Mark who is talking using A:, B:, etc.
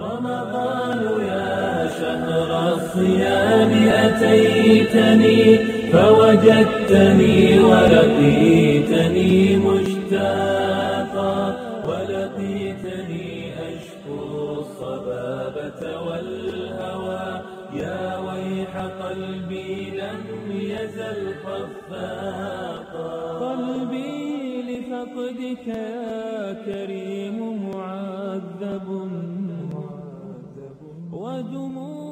A: رمضان يا شهر الصيام
B: أتيتني فوجدتني ولقيتني مشتاقا
C: ولقيتني
D: أشكو الصبابة
C: والهوى يا ويح قلبي لم يزل خفاقا قلبي لفقدك يا كريم معذب
E: وجموع